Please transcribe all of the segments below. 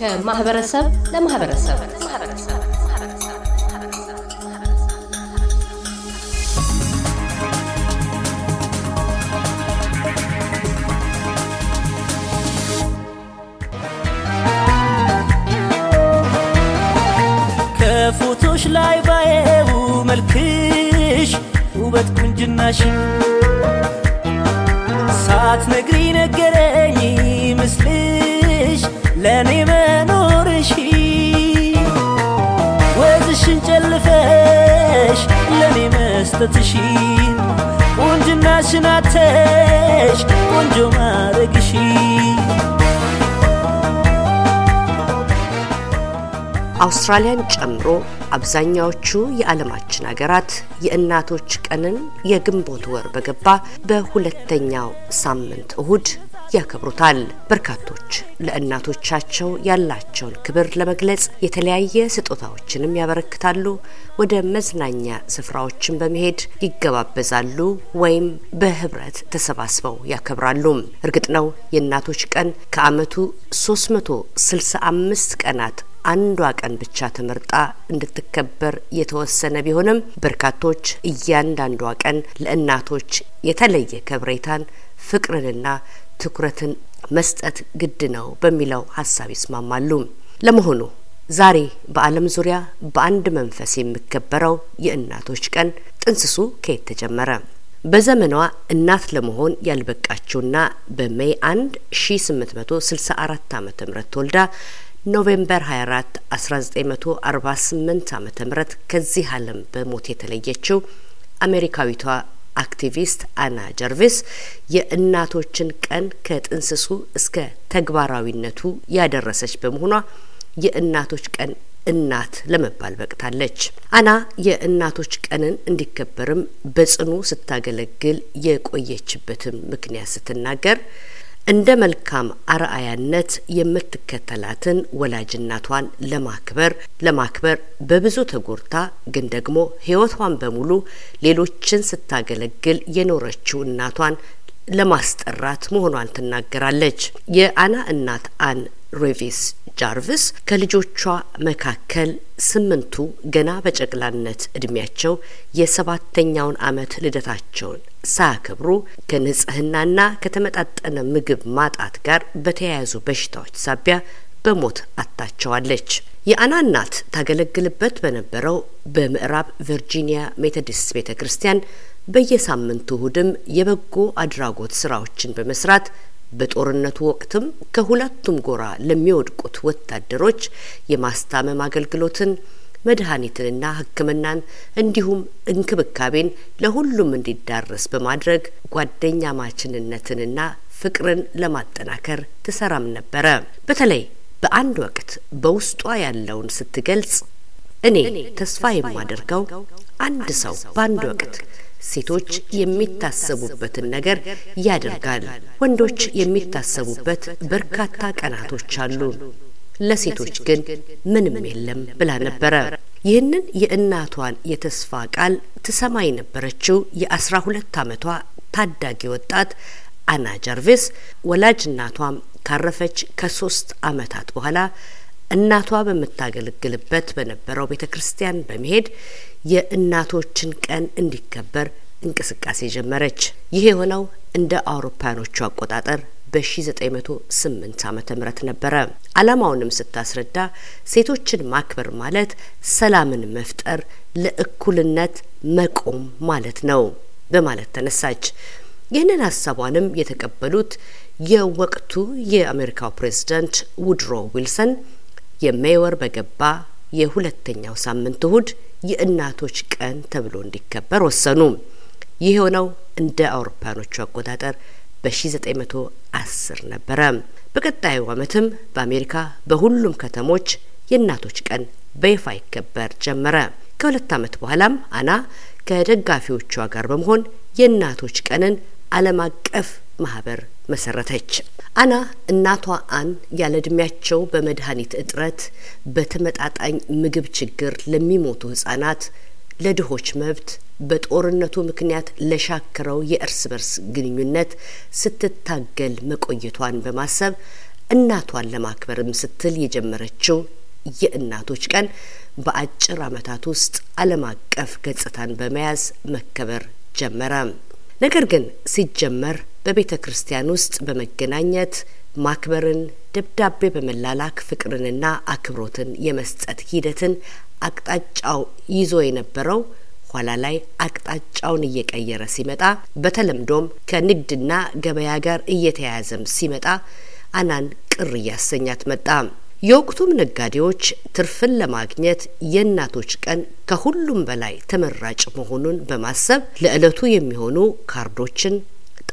ከማህበረሰብ ለማህበረሰብ ከፎቶች ላይ ባየው መልክሽ ውበት ቁንጅናሽ ነግ ቁንጅናሽን አተሽ ቆንጆ አውስትራሊያን ጨምሮ አብዛኛዎቹ የዓለማችን ሀገራት የእናቶች ቀንን የግንቦት ወር በገባ በሁለተኛው ሳምንት እሁድ ያከብሩታል። በርካቶች ለእናቶቻቸው ያላቸውን ክብር ለመግለጽ የተለያየ ስጦታዎችንም ያበረክታሉ። ወደ መዝናኛ ስፍራዎችን በመሄድ ይገባበዛሉ ወይም በህብረት ተሰባስበው ያከብራሉ። እርግጥ ነው የእናቶች ቀን ከአመቱ 365 ቀናት አንዷ ቀን ብቻ ተመርጣ እንድትከበር የተወሰነ ቢሆንም በርካቶች እያንዳንዷ ቀን ለእናቶች የተለየ ከብሬታን ፍቅርንና ትኩረትን መስጠት ግድ ነው በሚለው ሀሳብ ይስማማሉ። ለመሆኑ ዛሬ በዓለም ዙሪያ በአንድ መንፈስ የሚከበረው የእናቶች ቀን ጥንስሱ ከየት ተጀመረ? በዘመኗ እናት ለመሆን ያልበቃችውና በሜይ 1 1864 ዓ ም ተወልዳ ኖቬምበር 24 1948 ዓ ም ከዚህ ዓለም በሞት የተለየችው አሜሪካዊቷ አክቲቪስት አና ጀርቪስ የእናቶችን ቀን ከጥንስሱ እስከ ተግባራዊነቱ ያደረሰች በመሆኗ የእናቶች ቀን እናት ለመባል በቅታለች። አና የእናቶች ቀንን እንዲከበርም በጽኑ ስታገለግል የቆየችበትም ምክንያት ስትናገር እንደ መልካም አርአያነት የምትከተላትን ወላጅ እናቷን ለማክበር ለማክበር በብዙ ተጎርታ ግን ደግሞ ሕይወቷን በሙሉ ሌሎችን ስታገለግል የኖረችው እናቷን ለማስጠራት መሆኗን ትናገራለች። የአና እናት አን ሬቪስ ጃርቪስ ከልጆቿ መካከል ስምንቱ ገና በጨቅላነት እድሜያቸው የሰባተኛውን ዓመት ልደታቸውን ሳያከብሩ ከንጽህናና ከተመጣጠነ ምግብ ማጣት ጋር በተያያዙ በሽታዎች ሳቢያ በሞት አታቸዋለች። የአና እናት ታገለግልበት በነበረው በምዕራብ ቨርጂኒያ ሜቶዲስት ቤተ ክርስቲያን በየሳምንቱ እሁድም የበጎ አድራጎት ስራዎችን በመስራት በጦርነቱ ወቅትም ከሁለቱም ጎራ ለሚወድቁት ወታደሮች የማስታመም አገልግሎትን መድኃኒትንና ሕክምናን እንዲሁም እንክብካቤን ለሁሉም እንዲዳረስ በማድረግ ጓደኛ ማችንነትንና ፍቅርን ለማጠናከር ትሰራም ነበረ። በተለይ በአንድ ወቅት በውስጧ ያለውን ስትገልጽ እኔ ተስፋ የማደርገው አንድ ሰው በአንድ ወቅት ሴቶች የሚታሰቡበትን ነገር ያደርጋል። ወንዶች የሚታሰቡበት በርካታ ቀናቶች አሉ፣ ለሴቶች ግን ምንም የለም ብላ ነበረ። ይህንን የእናቷን የተስፋ ቃል ትሰማ የነበረችው የአስራ ሁለት ዓመቷ ታዳጊ ወጣት አና ጃርቬስ ወላጅ እናቷም ካረፈች ከሶስት ዓመታት በኋላ እናቷ በምታገለግልበት በነበረው ቤተ ክርስቲያን በመሄድ የእናቶችን ቀን እንዲከበር እንቅስቃሴ ጀመረች። ይህ የሆነው እንደ አውሮፓውያኖቹ አቆጣጠር በ1908 ዓ ም ነበረ። አላማውንም ስታስረዳ ሴቶችን ማክበር ማለት ሰላምን መፍጠር፣ ለእኩልነት መቆም ማለት ነው በማለት ተነሳች። ይህንን ሀሳቧንም የተቀበሉት የወቅቱ የአሜሪካው ፕሬዝዳንት ውድሮ ዊልሰን የሜይ ወር በገባ የሁለተኛው ሳምንት እሁድ የእናቶች ቀን ተብሎ እንዲከበር ወሰኑ። ይህ የሆነው እንደ አውሮፓኖቹ አቆጣጠር በ1910 ነበረ። በቀጣዩ ዓመትም በአሜሪካ በሁሉም ከተሞች የእናቶች ቀን በይፋ ይከበር ጀመረ። ከሁለት ዓመት በኋላም አና ከደጋፊዎቿ ጋር በመሆን የእናቶች ቀንን ዓለም አቀፍ ማህበር መሰረተች። አና እናቷ አን ያለ እድሜያቸው በመድኃኒት እጥረት በተመጣጣኝ ምግብ ችግር ለሚሞቱ ህጻናት፣ ለድሆች መብት፣ በጦርነቱ ምክንያት ለሻክረው የእርስ በርስ ግንኙነት ስትታገል መቆየቷን በማሰብ እናቷን ለማክበርም ስትል የጀመረችው የእናቶች ቀን በአጭር ዓመታት ውስጥ ዓለም አቀፍ ገጽታን በመያዝ መከበር ጀመረ። ነገር ግን ሲጀመር በቤተ ክርስቲያን ውስጥ በመገናኘት ማክበርን፣ ደብዳቤ በመላላክ ፍቅርንና አክብሮትን የመስጠት ሂደትን አቅጣጫው ይዞ የነበረው ኋላ ላይ አቅጣጫውን እየቀየረ ሲመጣ በተለምዶም ከንግድና ገበያ ጋር እየተያያዘም ሲመጣ አናን ቅር እያሰኛት መጣ። የወቅቱም ነጋዴዎች ትርፍን ለማግኘት የእናቶች ቀን ከሁሉም በላይ ተመራጭ መሆኑን በማሰብ ለዕለቱ የሚሆኑ ካርዶችን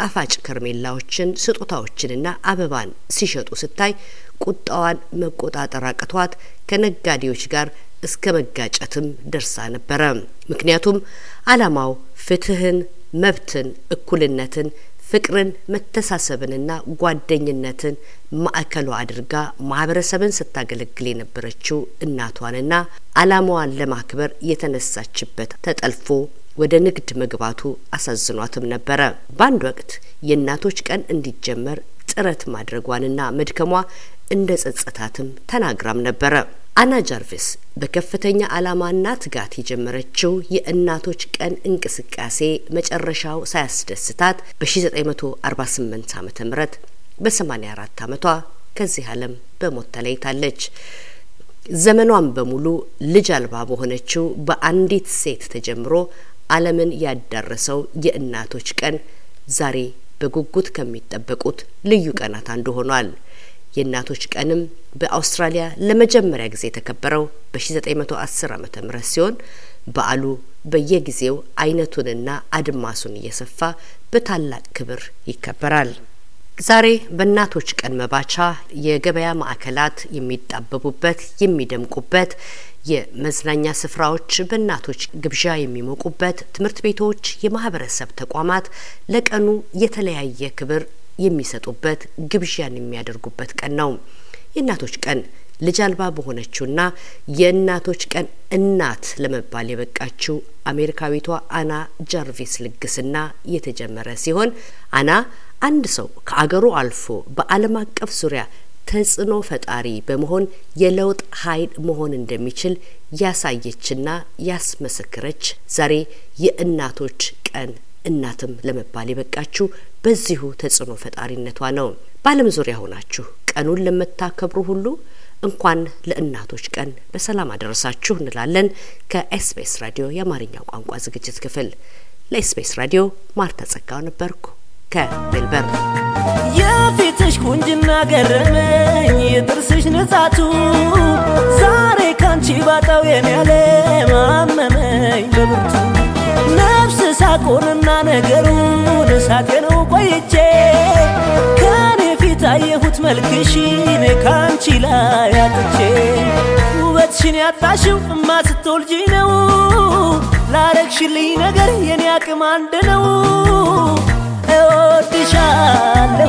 ጣፋጭ ከርሜላዎችን፣ ስጦታዎችንና አበባን ሲሸጡ ስታይ ቁጣዋን መቆጣጠር አቅቷት ከነጋዴዎች ጋር እስከ መጋጨትም ደርሳ ነበረ። ምክንያቱም አላማው ፍትህን፣ መብትን፣ እኩልነትን፣ ፍቅርን፣ መተሳሰብንና ጓደኝነትን ማዕከሏ አድርጋ ማህበረሰብን ስታገለግል የነበረችው እናቷንና አላማዋን ለማክበር የተነሳችበት ተጠልፎ ወደ ንግድ መግባቱ አሳዝኗትም ነበረ። በአንድ ወቅት የእናቶች ቀን እንዲጀመር ጥረት ማድረጓንና መድከሟ እንደ ጸጸታትም ተናግራም ነበረ። አና ጃርቪስ በከፍተኛ ዓላማና ትጋት የጀመረችው የእናቶች ቀን እንቅስቃሴ መጨረሻው ሳያስደስታት በ1948 ዓ ም በ84 ዓመቷ ከዚህ ዓለም በሞት ተለይታለች። ዘመኗን በሙሉ ልጅ አልባ በሆነችው በአንዲት ሴት ተጀምሮ ዓለምን ያዳረሰው የእናቶች ቀን ዛሬ በጉጉት ከሚጠበቁት ልዩ ቀናት አንዱ ሆኗል። የእናቶች ቀንም በአውስትራሊያ ለመጀመሪያ ጊዜ የተከበረው በ1910 ዓ ም ሲሆን በዓሉ በየጊዜው አይነቱንና አድማሱን እየሰፋ በታላቅ ክብር ይከበራል። ዛሬ በእናቶች ቀን መባቻ የገበያ ማዕከላት የሚጣበቡበት፣ የሚደምቁበት የመዝናኛ ስፍራዎች በእናቶች ግብዣ የሚሞቁበት፣ ትምህርት ቤቶች፣ የማህበረሰብ ተቋማት ለቀኑ የተለያየ ክብር የሚሰጡበት፣ ግብዣን የሚያደርጉበት ቀን ነው። የእናቶች ቀን ልጅ አልባ በሆነችውና የእናቶች ቀን እናት ለመባል የበቃችው አሜሪካዊቷ አና ጃርቪስ ልግስና የተጀመረ ሲሆን አና አንድ ሰው ከአገሩ አልፎ በዓለም አቀፍ ዙሪያ ተጽዕኖ ፈጣሪ በመሆን የለውጥ ኃይል መሆን እንደሚችል ያሳየችና ያስመሰክረች ዛሬ የእናቶች ቀን እናትም ለመባል የበቃችው በዚሁ ተጽዕኖ ፈጣሪነቷ ነው። በዓለም ዙሪያ ሆናችሁ ቀኑን ለምታከብሩ ሁሉ እንኳን ለእናቶች ቀን በሰላም አደረሳችሁ እንላለን። ከኤስቢኤስ ራዲዮ የአማርኛው ቋንቋ ዝግጅት ክፍል ለኤስቢኤስ ራዲዮ ማርታ ጸጋው ነበርኩ። ከቤል በር የፊትሽ ቁንጅና ገረመኝ የጥርስሽ ንጻቱ ዛሬ ካንቺ ባጣው የኔ ዓለም አመመኝ በብርቱ ነፍስ ሳቁንና ነገሩን ሳቄነው ቆይቼ ከኔ ፊት አየሁት መልክሽን ካንቺ ላይ አጥቼ ውበትሽን ያጣሽው እማ ስትወልጂ ነው ላረግሽልኝ ነገር የኔ አቅም አንድ ነው شان له